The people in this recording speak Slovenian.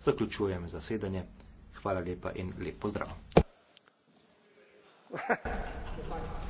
zaključujem zasedanje. Hvala lepa in lep pozdrav. Hvala.